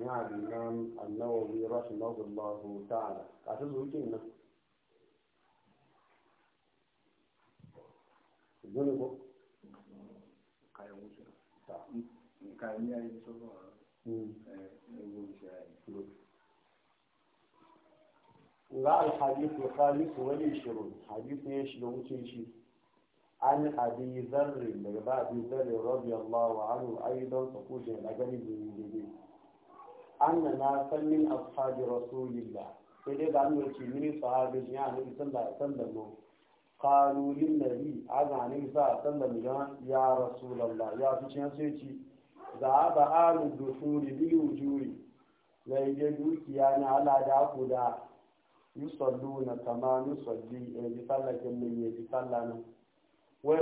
يعني الإمام النووي رحمه الله تعالى أعتقد ويجينا لا حديث ايش لو تيجي عن ابي ذر بعد ذر رضي الله عنه ايضا تقول لاجل من جديد anna na san min ashabi rasulillah sai dai ga mu ci min sahabi san da san da mu qalu lin nabi aga sa san da mu ya rasulullah ya fi cin sai ci za ba alu dusuri bi wujuri lai je dukiya na ala da ku da na kama nusalli e bi sallakin min ne bi sallana wa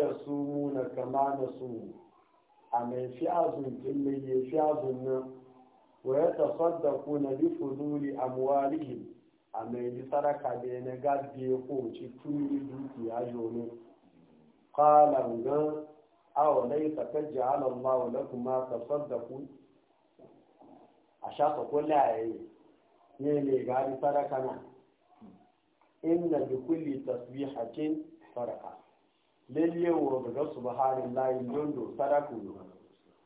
na kama nasumu a mai fi azun kin ya fi azun nan ويتصدقون بفضول أموالهم أما يسرق بين قد يقوم تكوني دوتي أجوني قال أنه أو ليس قد جعل الله لكم ما تصدقون أشاق كل عيني يلي قال سرقنا إن بكل تسبيحة سرقة لليوم سبحان الله يندو سرقوا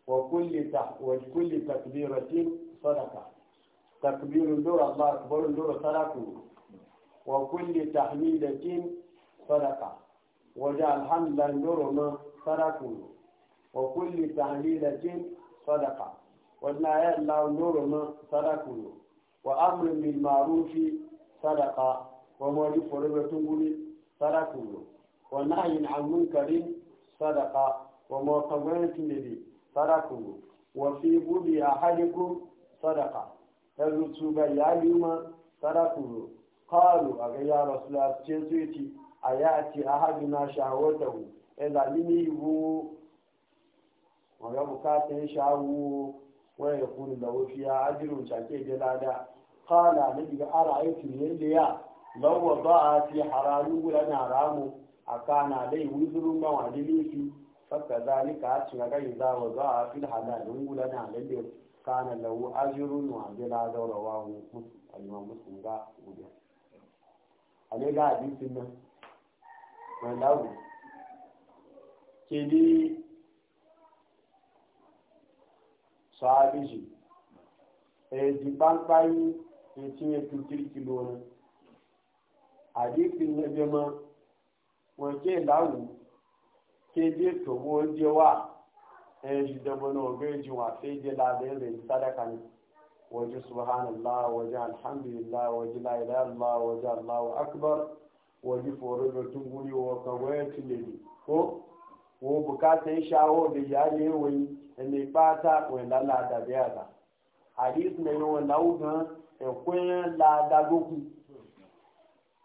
وكل تح... وكل تكبيرة sadaka takbirin dora ba barin dora sadaku wa kulli tahmidatin sadaka wa ja alhamdan dora na wa kulli tahmidatin sadaka wa na ya lau dora na sadaku wa amrin bil ma'rufi sadaka wa mawali forever tunguri sadaku wa nahyin an munkari sadaka wa mawqawati nabi sadaku wa fi budi ahadikum sadaka yanzu su ya yi ma sadaku qalu aga ya rasulullah ce su yi a ya ce ahaduna shahawatahu e zalimi hu wanda bukatun shawu wani da kuni da wufiya ajirun shake da lada kana na diga ara aiki da ya lauwa ba a fi haramu guda na ramu a kana dai wuzurin ba wani laifi fakka zalika a cin gani za a fi halalin guda na halalin kana lahu ajrun wa bila dawrawahu al-imam muslim ga gudu ale ga hadisin nan nan lawo ke ni sahabi ji e eh, ji pampayi e eh, tinye tutiri kilo na na jama wọn wa sai shi da wani ogai ji wa sai je labarin da yi sadaka ne waje subhanallah waje alhamdulillah waje la waje allahu akbar waje foro da tun tunguri wa kawai tilili ko wo bukatan ya shawo da yaye wani da mai bata wani lalata da yada hadis mai yi wani laugan ekwenye lada goku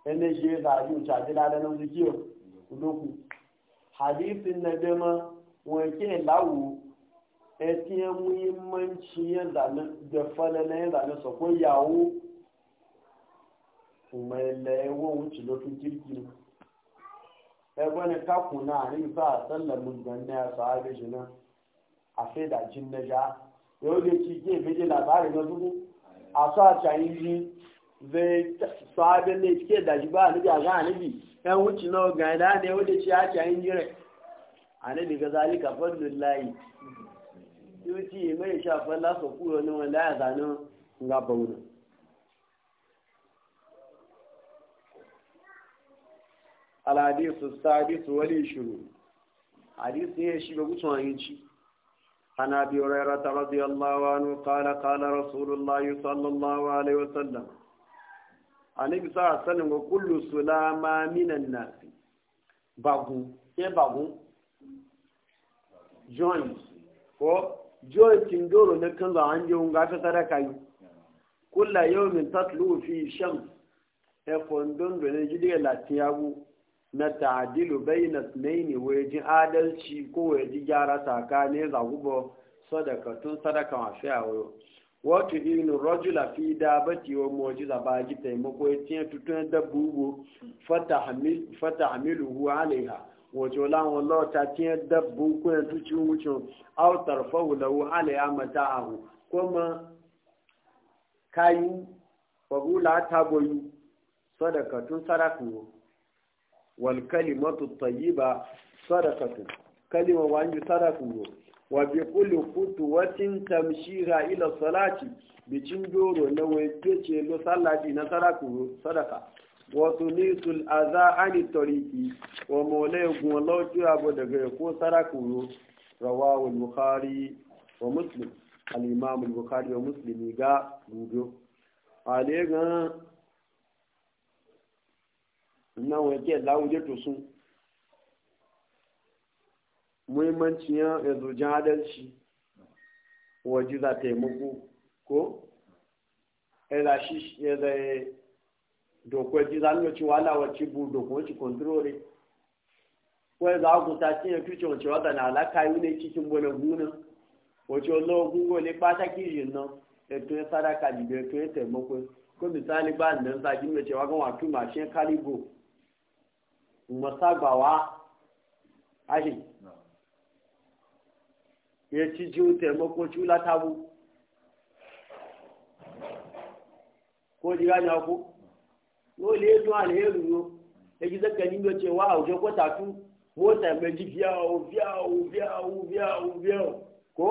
ene je da yi ucaji lada na wuzikiyo udoku hadisin na dama. wake lawo etiye muhimmanci ya zane da falala ya zane sa yawo kuma laye ya gwani e kakuna a rin sa sallar musgan na ya sahabe shi nan a sai da jin na ja yau da ci ke bege labarin na zuku a sa cayin ji zai sahabe ne ke da shi ba a nufi a ga a nufi yan e wuce na ga da ne da annabi ga zalika fadlul lahi yuti mai shafa la ko kuro ne wanda ya zanu ga bauna al hadith sadis wal ishru hadith ne shi ga mutuwa yinci ana bi rayra ta radiyallahu anhu qala qala rasulullahi sallallahu alaihi wasallam annabi sa sanin ga kullu sulama minan nasi bagu ke bagu john ko john kin doro na kan zawan je unga ta sadaka yi yau yawmin tatlu fi sham e fondon ne jide la tiyagu na ta'dilu bayna ithnaini wa yaji adalci ko yaji gyara tsakanin zagubo sadakatun sadaka wa fi'awo wato inu rajula fi dabati wa mu'jiza ba ji taimako ya tiyan tutun dabbugo fata hamilu alaiha wato lawon lauta tiyan dabbun kuna tuci wucin autar faulahu alaya mata ahu kuma kayu fagula ta goyi sadakatun sarakun wal kalimatu tayyiba sadakatun kalima wani sarakun wa bi kulli kutuwatin tamshira ila salati bicin doro na wai ce lo sallati na sarakun sadaka wọ́tún ní sùn àzá ánìtọ̀rìkì ọmọ ọlẹ́gùn ọlọ́jọ́ abọ̀dẹ̀gẹ̀ kó sárakùrò rọwà olùkárí ọ muslim alìmá olùkárí ọ muslim ga gúdó àlẹ́gàn iná wọn jẹ́ láwùjẹ́ tó sún muhimmanciyan ẹ̀zọ̀jan adẹ́sì wọ́n jí látẹ̀ mọ́kó kó ẹ̀dà ṣíṣẹ́ ẹ̀dà dokoki za nuna cewa lawarci bu dokoki kontrole kawai za ku ta cinye tuce wace wata na alaka yi ne cikin bane gunan wace wani gungo ne fata kiri nan eto ya e sadaka jibe eto ya taimako e ko misali ba nan za e a nuna cewa ga wato mashin kalibo masagbawa ahi ya ci jiwo taimako cula tabu ko jira ne ku wọ́n lè dún àlẹ́rù yó èyí sẹ́kẹ̀ níbi ọ̀tí wá àwùjọ kọ́ta tú mọ́tà méjì bíà ó bíà ó bíà ó bíà ó bíà ó kó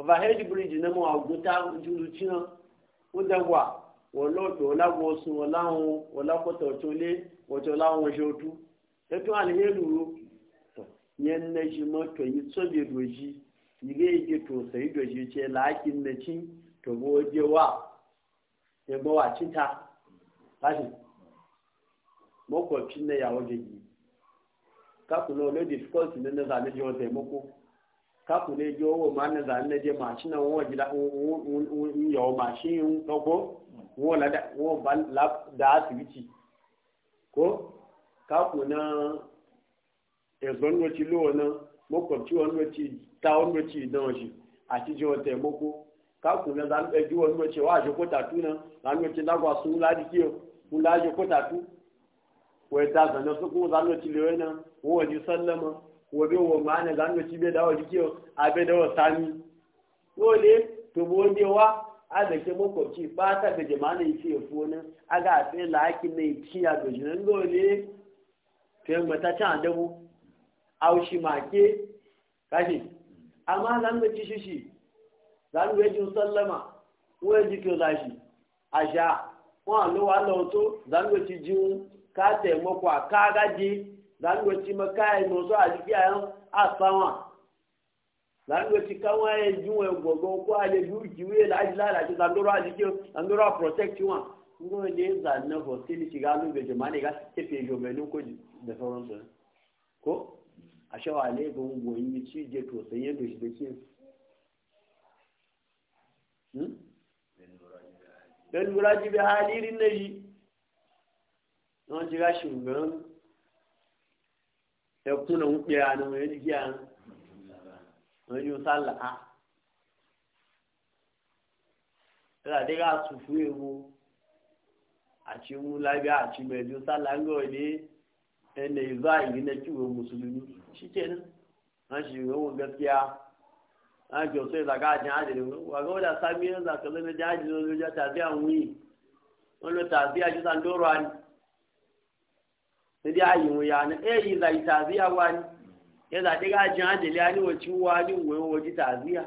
overhead bridge náà mọ àwùjọ tá jùlọ tí náà ó dẹ́wà wọ́n lọ́dọ̀ ọ̀làwọ̀ ọ̀sùn ọ̀làwọn ọ̀làkọ̀tà ọ̀tọ́lé ọ̀tọ́ láwọn ọ̀ṣẹ́ otú ètò àlẹ́rù yó yẹn nẹ́ ṣe mọ́tò yìí sọ́dẹ̀ dòjì ìré ìdè tó sẹ́yìn dòjì tiẹ̀ láàkì nẹ́tí tòwó ọjẹ́ wà ẹ̀gbọ́n wà títà láti makwabcin na yawon jirgi kaku na wani difficulty na na zane jiwon taimako kaku ne jiwon wa ma na zane je mashi na wani gida in yawon mashi yin wani da asibiti ko kaku na ezon wacce na makwabci wani wacce ta wani wacce don wacce a ci jiwon taimako kaku na zane jiwon wacce wa a shi ko tatu na zane wacce lagwa sun ladi ko tatu wai ta sanar su kuma zanen ci lewe nan ko waje sallama ko bai wa ma'ana zanen ci bai dawo jikiyo a bai dawo sami dole to bo wa a da ke makwabci ba ta da jama'a yi fiye fona a ga a tsaye lahakin na yi ciya da jinan dole ta yi mata can adabu aushi make kashi amma zanen ci shi shi zanen wajen sallama ko ya jikiyo zashi a sha wọn àlọ́wọ́ àlọ́ tó zanen ci jiun ka taimako a ka gaji zangoci makayi noso a jiki a yan asawa zangoci kanwa ya ji wa gogo ko a le biyu jiwe la aji lalace zandoro a jiki zandoro a protect wa ngo ne zanne hostel shiga lu be jama'a ga tefe jomenu ko da sauransu ko a shawa ne ga goyin yi ci je to hmm? nayi wọ́n ti ráṣì ǹgbọ́n ẹkún náà ń pè é àná wọ́n yẹn ti kí àná wọ́n yóò sálà á. Tẹ́lẹ̀ mu tù fún ewu àti mú lábẹ́ àti mẹ́jọ sálà ń gọ̀ ní yi ìzá ìrìn náà kí wọ́n mùsùlùmí ṣíṣe náà. Wọ́n ṣì rẹ̀ wọ́n gẹ́síà. Wọ́n jọ sọ ìlàkà àjẹ́ àjẹ́ wọ́n wọ́n dà sami ẹ̀ńzà kẹlẹ́ ní àjẹ́ lórí ọjà tàbí àwọn yìí. Wọ́n lọ tàbí sai dai ayi mu yana eh zai taziya wani ya e ta ga jin wa ci wani wo wo ji taziya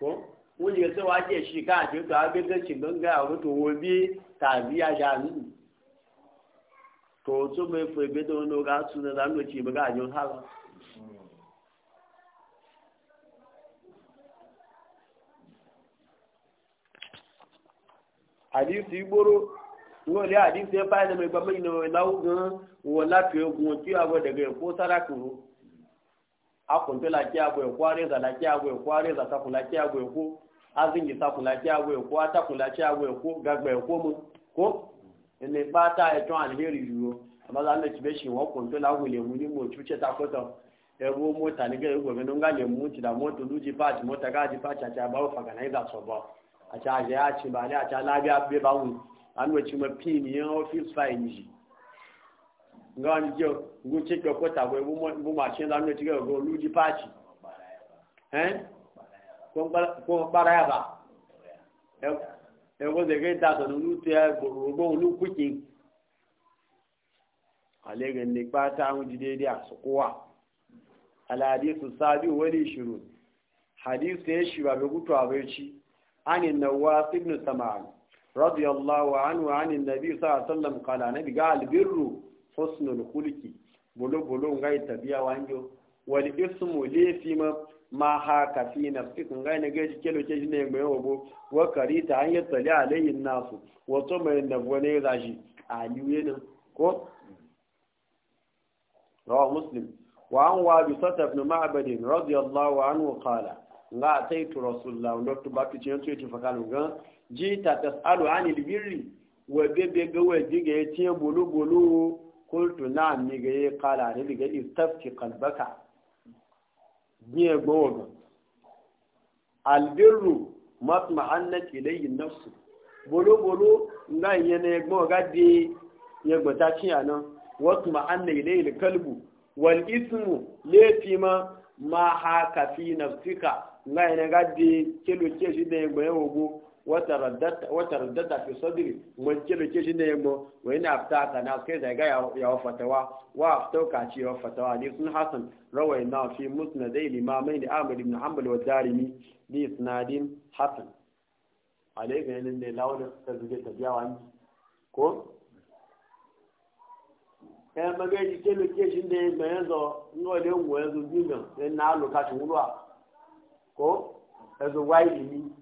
ko mun ji sai shi ka to abin ga ganga a wato wo taziya ja ni to so me fe be do no ga zan ba ní olè àdìsí ẹ̀fà ẹ̀nà ìgbà mẹ́yìn ìnáwó gan wọ́n láti ogun ojú àwọ̀ ẹ̀dẹ̀gẹ̀ ẹ̀kọ́ sára kúrò akùntó àwọ̀ ẹ̀kọ́ arẹ́zà la àwọ̀ ẹ̀kọ́ arẹ́zà sakùn la àwọ̀ ẹ̀kọ́ azingi sakùn la àwọ̀ ẹ̀kọ́ atakùn la àwọ̀ ẹ̀kọ́ gàgbà ẹ̀kọ́ mu kó ẹni pátá ẹ̀tọ́ àlẹ́rì yúro àbálá àti àjẹ́ àti ìbàlẹ̀ àti alábíà gbé báwùn an wace ya miyan ofis fine ji nga wani jiyo ngu cikin bu ga luji faci ko baraya ba ẹgbọ́n zẹ̀gẹ́ ìdásọ̀ nínú tó yẹ gbogbo olúkúkí alẹ́gẹ̀ ní pátá àwọn jíde dé àsọkówà wani ya a ni nawa رضي الله عنه عن النبي صلى الله عليه وسلم قال النبي قال بر حسن الخلق بلو بلو غاي تبيا وانجو والاسم لي فيما ما هاك في نفسك غاي نجي كيلو تشي ني ميو بو وكريت ان يطلع عليه الناس وتم ينبوني عليو عليوين كو رواه مسلم وعن وابصة بن معبد رضي الله عنه قال لا تيت رسول الله ونكتب باتي تشي يتفقال وقال jita tas'alu anil birri wa be Be wa diga ya ce bulu bulu kultu na mi ga ya kala ne diga istafti qalbaka biye goga al birru matma'annat ilayhi nafs bulu bulu nga yene gbo ga di ye gbo ta ci ana watma'anna ilayhi al kalbu wal ismu laifi ma haka fi nafsika nga yene ga di kelo ce shi da gbo ya wogo wata raddata fi sadri wanke da ke shi ne mu wani na fita ta na kai daga ya fatawa wa ka ce ya fatawa ne sun hasan rawai na fi musnadai mai da amir ibn hanbal wa darimi bi isnadin hasan da ga yanin da lawon ta zuge ta biya wani ko ɗaya magaji ke loke shi ne mai yanzu nwa da yin goyon zubi na lokacin wuwa ko yanzu wa ilimi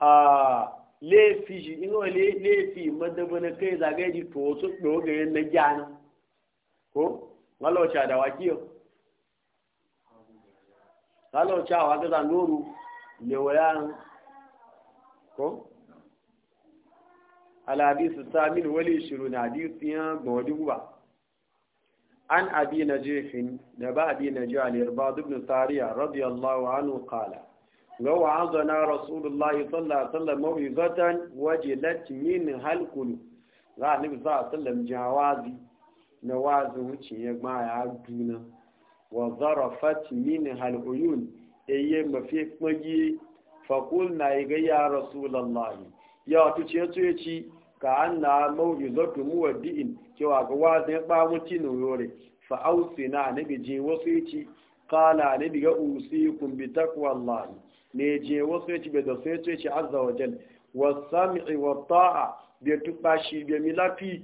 a laifi shi ino wani laifi madaba na kai zagaye ji to su ɗogayen na gyana ko malauca da wakiyo malauca wa gaza noru wayan ko alhadisu samin wali shiru na hadisu ya gbawadi guba an abi na jefin da ba abi na ji alirba dubnu tariya radiyallahu anhu kala ga wa'azana rasulullahi sallallahu alaihi wasallam mawizatan wajilat min halqul ga annabi sallallahu alaihi wasallam jawazi na wazi wuce ya ma ya duna wa zarafat min haluyun eye mafi kpagi fakul na ga ya rasulullahi ya to ce to yaci ka anna mawizatu muwaddiin cewa ga wazi ya ba mutino yore fa ausina annabi ji wasu yaci qala ne bi ne je wasu yace be da sai yace azza wa jal was-sam'i wat-ta'a bi milafi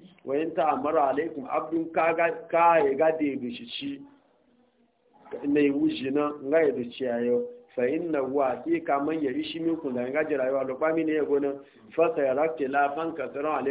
ne wujina ngai da ciyayo fa inna wa hakika man min kun da ngaji rayuwa ne ya gona fa sayarakti la fan kasara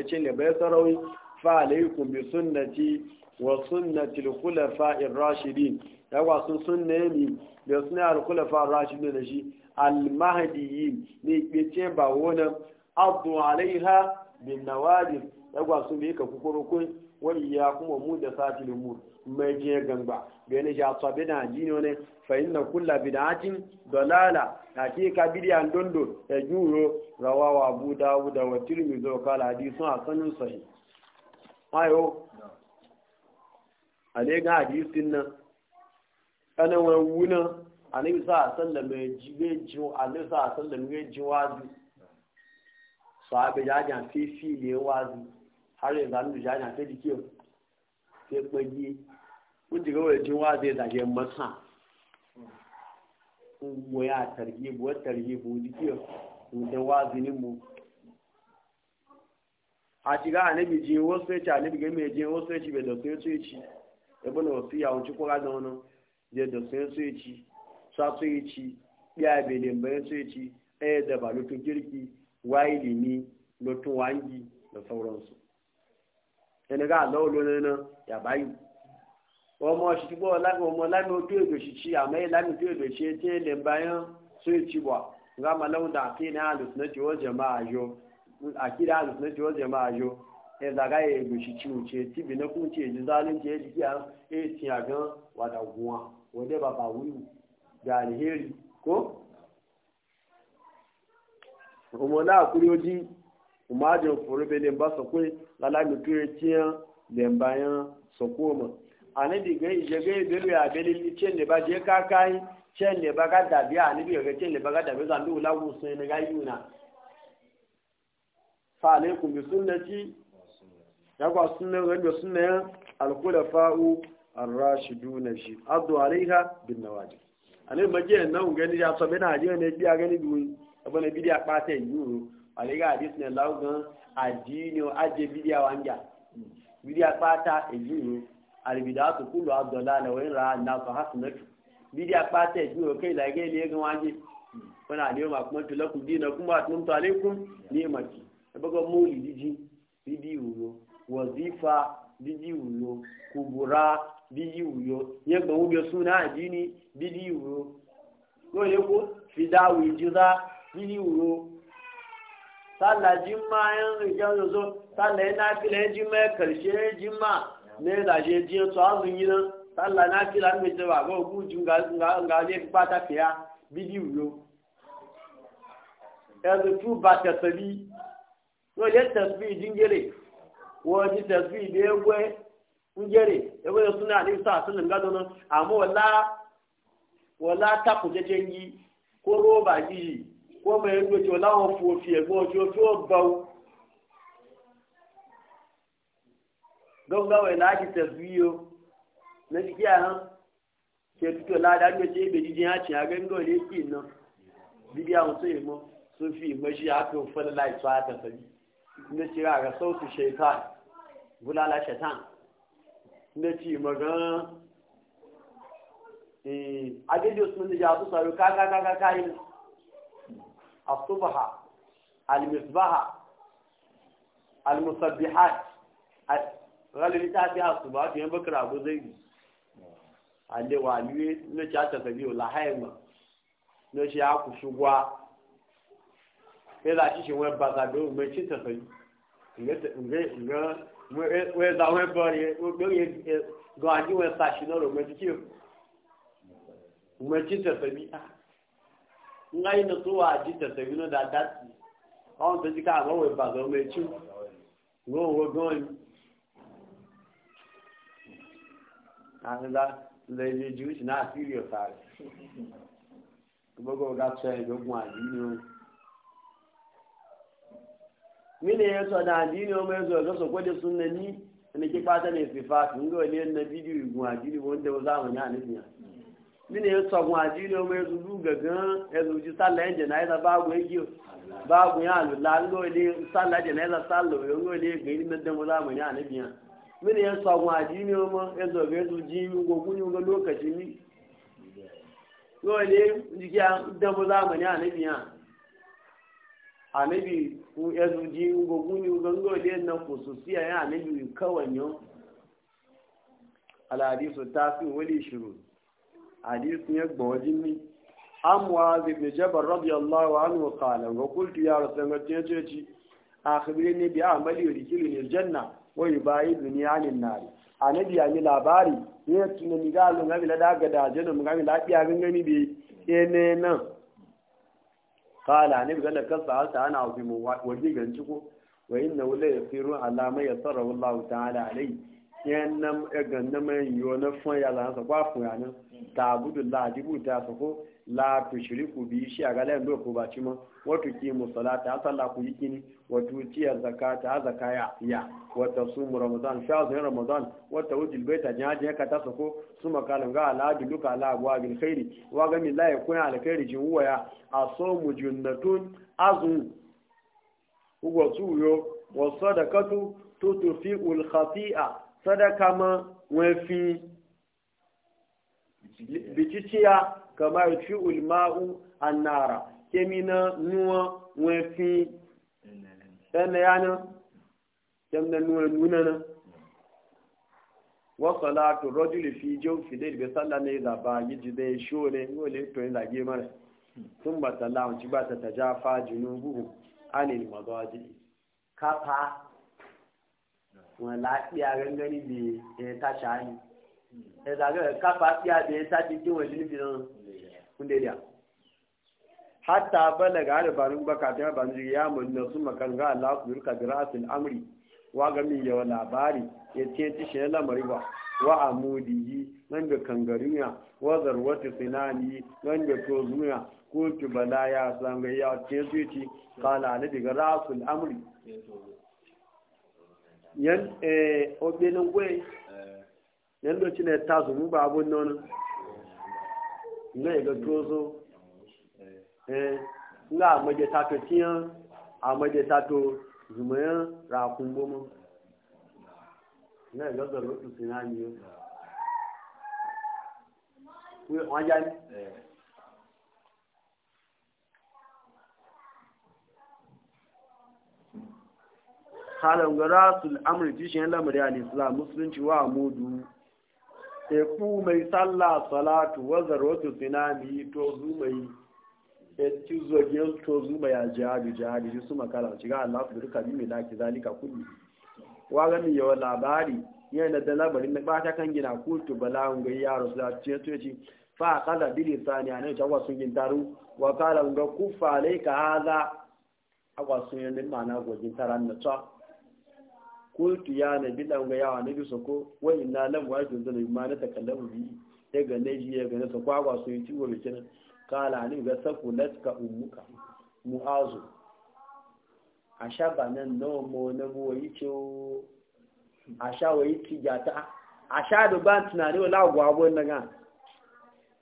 wa sunnatil khulafa'ir rashidin ya wa sun sunne da sunna al khulafa'ir rashidin da shi al mahdiyyin ne ce ba wona abdu alaiha bin nawajib ya wa sun bi ka kukurukun wa iyyakum wa satil umur mai je ganga da ne ja tsabe na jino ne fa inna kullu bid'atin dalala hakika bid'an dondo ya juro rawawa abu da wa tirmidhi wa kala hadithun hasanun sahih ayo ale ga hadisin nan ana wuna anabi sa sallam ya ji be ji anabi sa sallam ya ji wazi fi wazi har yanzu zanu ya jan fi dikiyo sai kwaji kun ji gawar ji wazi ya masa wo ya tarhibu wa tarhibu dikiyo wazi ne mu a shiga wasu ya ci anabi ga mai wasu ya ci bai da sai ya ci ebe na wasu yawon ci kura da wani yadda su yin su yi ci sa su yi ci biya belin bayan su yi ci ɗaya da ba lutun ẹni ká àlọ́ olórin náà yàbá yìí ọmọ ṣìṣìgbọ́ ọmọ lámì ojú èdè ṣìṣì àmọ́ èyí lámì ojú èdè ṣe tí èlè ń bá yán tó nga màlẹ́hùn dàkí ní àlùsùn náà tí wọ́n jẹ̀ máa yọ àkídà ya zaga ya yi goshi ciwon ce tibi na kun ce ji zalunci ya jiki a ya yi tiya gan wada guwa wadda ba ba wuyu da alheri ko umarna a kuriyoji umajin furube ne ba su kwe lalami tuye tiyan lembayan sokoma anabi ga ije ga ibiru ya belili cin ne ba je kakai cin ne ba ga dabi anabi ga cin ne ba ga dabi zandu lagu sun ne ga yuna fa alaikum bi sunnati ya kwa sunan gani da sunayen alkula fa'u arrashidu na shi abdu alaiha bin nawaji a ne yana nan gani ya sabi na ajiyar ne biya gani biyu abu na bidiya kpata yi yuro alaiha hadis ne laugan addini ajiye bidiya wanja bidiya kpata yi yuro albida su kulu abdullahi na wani ra'a na su hasu na tu bidiya kpata yi yuro kai da gai ne gan wanje wani aliyu ma kuma tulakum dina kuma atumtu alaikum ne maki ya buga mawuli diji bidiyo wazifa bidi wuyo kubura bidi wuyo yegba wubio suna adini bidi wuyo ko yego fidawi jiza bidi wuyo sallah jimma yan rijan yozo sallah yana fila yan jimma ya karshe jimma ne da je jiya to azun yi nan sallah na fila mai jaba ga hukuncin ga zai fi bata fiya bidi wuyo yanzu tu ba tasabi ko yadda su yi jingire wajen tasiri da ya gwe ngere ya gwe suna ne sa sunan gado nan amma wala wala ta kuje ko roba gi ko mai ngwe to wala fofi e go to to bawo don ga wai laji tasbiyo na jikiya han ke tuto la da ngwe ce be jijin ya ci aga ngole ki nan bidiya mu sai mo sufi mashi aka fara lai ta sabi na cira ga sautu shaitan gulala shaitan na ce magan eh, a gidi sun da jasu tsaro kaka kaka kayan asubaha almisbaha almusabbihat galibin ta fi asuba fiye bakar abu zai yi a lewa liwe na ci aka sabi wa lahayin na shi ya ku shugwa sai za a shi wani ba zaɓe mai cin tasayi wọ́n ẹ̀dá wọ́n bọ́ rẹ̀ lóye gan àjí wọ́n ṣàṣì náà rọ̀ mẹ́tí tí ó mẹ́tí tẹ̀sẹ̀ bí á ńlá iná tó wà àjí tẹ̀sẹ̀ bí náà dáadáa sí àwọn tó ti ká àwọn òwe bàbá ọmọ ẹtí wọ́n wọ́n gan ni. nwoke ilẹ̀ ilẹ̀ jù sí mine ya so da addini o mai zo ga so kwade sunnani ne ki fata ne sifatu ngo ne na bidiyo gun addini wanda za mu ya nabi ya mine ya so gun addini o mai ga gagan ya zuji sallah yan janaza babu yake babu ya alulla ngo ne sallah janaza sallah yo ngo ne ga ilmin da mu za mu ya nabi ya mine ya so gun addini o ma ya zo ga zuji ngo kunyu ga lokaci ni ngo ne jiya da mu za mu ya nabi ya anabi ku yanzu ji ugo guni ugango de na khususiya ya nabi kawanyo al hadisu fi wali shuru hadisu ya gbawajin ni an mu'az ibn jabal radiyallahu anhu qala wa qultu ya rasulullahi ya ce ci akhbirni bi amali yudkhiluni al janna wa yubaiduni anil nar anabi ya ni labari ne tunani ga lunga bi la daga da janna mu ga mi lafiya gangani bi ene nan qala ne ga da kasa alta ana ubi mu waje ganci ko wa inna wala yasiru ala ma yasara wallahu ta'ala alai yannan ganna mai yiwo na fun ya lan sa kwa fun ya nan ta abudu la dibu ta so ko la tushriku bi shi aga lan do ko ba ci mo wato ki mu salata sallah ku yikini wato ciya zakata a zakaya ya wato su mu ramadan ya ramadan wata wuji albaita ne haji haka ta sako su makalin ga alhaji duka alhaguwa bin khairi wa gami jin wuwa a so mu junnatun azu hugo su yo wato da katu tutu fi ulhafi'a sadaka ma wafi bikiciya kamar ci ulma'u an nara kemina nuwa wafi ɗan na yana ɗan na nuna nuna na wasu latu rajuli fi jau fidel bai salla ne da yi ji zai sho ne wale to yin zage mara sun ba salla wanci ba ta taja fa jinu buhu anil mazaji kafa wani lafiya gangani bi ya tashi hanyi ya zage kafa fiya da ya tashi kin wajen bi nan kun daidai hatta ga albarin baka ta banji ya munna su makan ga Allah ku yurka dirasul amri wa ga min yawa labari ya ce ti shi lamari mariba wa amudihi nan da kangariya wa zarwati sinani nan da tozuya ko ki bala ya san ga ya ce zuci kala ne daga rasul amri yan eh obelin gwe yan lokacin da ta zumu ba abun nan ne ga tozo eh nga amaje tato tiyan amaje tato zumayan rakun goma na e gaza rotu sinani yo we wanja ni halin ga rasul amri tishin lamari al-islam musulunci wa amudu teku mai sallah salatu wazar wasu sinami to zumai ci zogiyar to zuma ya jihadi jihadi shi su makara shiga Allah su duka bi mai laki zalika kulli wa ga mi yawa labari yana da labarin da ba ta kan gina kultu bala'un ga ya rasul ce to ce fa qala bi lisani an ta wa sun gin taru wa qala ga kufa alayka hadha akwa sun yin mana gojin taran na ta kultu ya nabi dan ga yawa nabi soko wa inna lam wajin zalima na takallamu bi daga ne ji daga ne soko akwa sun yi ciwo kenan. kala ni ga sakulat ka ummuka mu'azu ashaba nan no mo na bo yicho asha wa yiki jata asha do ban tunani wala gwa bo naga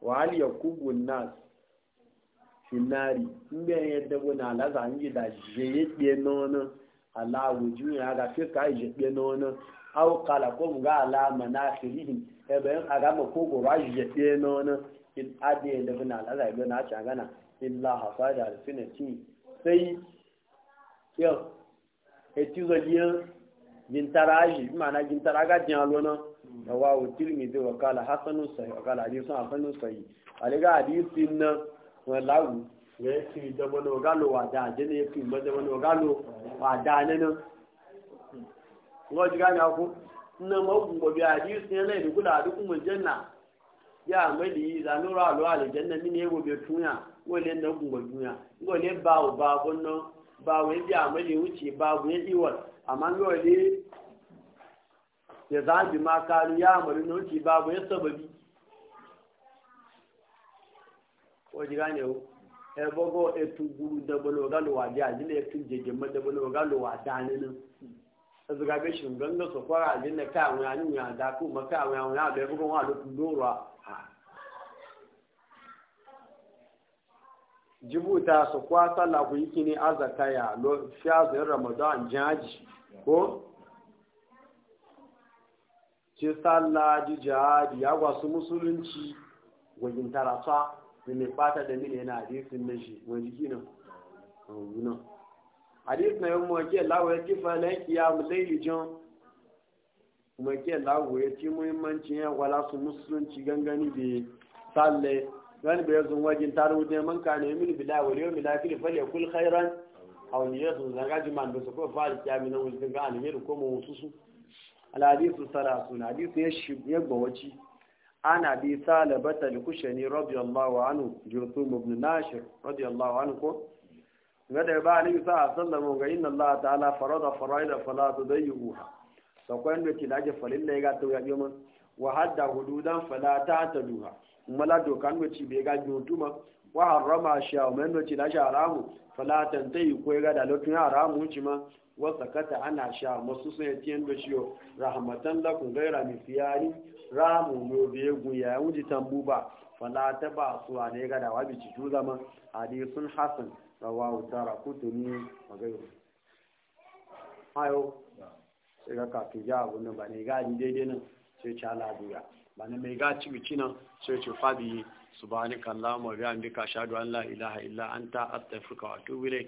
wa hal yakubu nas finari mbe yadda bo na la za nji da jeye de nono ala wuju ya ga fika ka je na nono aw kala ko mu ga ala manasirihim ebe yin agama ko go ra je de in ade da bin al'aza ga na ci gana illa hasada da sinati sai yau eti zaliya gintaraji ma'ana gintara ga jin alona da wawo tirmidhi wa kala hasanu sahih wa kala hadithun hasanu sahih aliga hadithin na wallahu ga yake da wani ogalo wa da je ne yake ba da wani ogalo wa da ne nan ngo jiga na ku na mabu gobe hadithin ne da kula duk mun janna ya mali za nura alu aljanna min ye go be tunya na gun go tunya le ba o ba bonno ba we bi amali wuce ba go yi le ya za bi ma kalu ya amali no ci ba ya sababi ko ji gane o e bogo e tu guru da bolo ga lo wa ja ji le e tu jeje ma da e be so kwara ka wa ni ya da ku ma ka wa ya da bugo wa lo jibuta su kwasa ku yiki ne azaka ya lo shazin ramadan jaji ko ci sallah ji jaji ya su musulunci wajen tarasa da mai fata da mini yana hadisin na shi wani gina nan wunan hadis na yin mawake lawa ya kifa na ya mulaili jan mawake lawo ya ci muhimmancin ya gwala su musulunci gangani da salle وان يعني بيزن واجن تارو دي من كان يمين بلا واليوم الاخر أن أنا او نيزن زغاج من بس كو فال يا من وزن أن أنا كوم وسوس الحديث الثلاثون حديث يشب يبا وجي انا بي سالبه الكشني رضي الله عنه جرثوم بن أن أنا الله عنه كو ngade ba ni sa sallam ga inna أن أنا farada faraida fala tudayyuha so kwen be kidaje falil le أن أنا ya yoma wa hadda hududan fala ta'taduha mala dokan no ci be ga jotuma wa harama sha men no ci da sha haramu fala tantai ko ga da lotun haramu ci ma wasa kata ana sha masu sai tiyan do shiyo rahmatan lakum gaira mi fiyari ramu no be gun ya wuji tambuba fala ta ba su ne ga da wabi ci zama hadisun hasan rawahu tarakutuni wa gairu ayo sai ga kafin ja abun nan ba ne ga daidai nan sai ci duya ba mai gaci bici nan sai ce fabi subhanakallahumma wa bihamdika ashhadu an la ilaha illa anta astaghfiruka wa atubu ilayk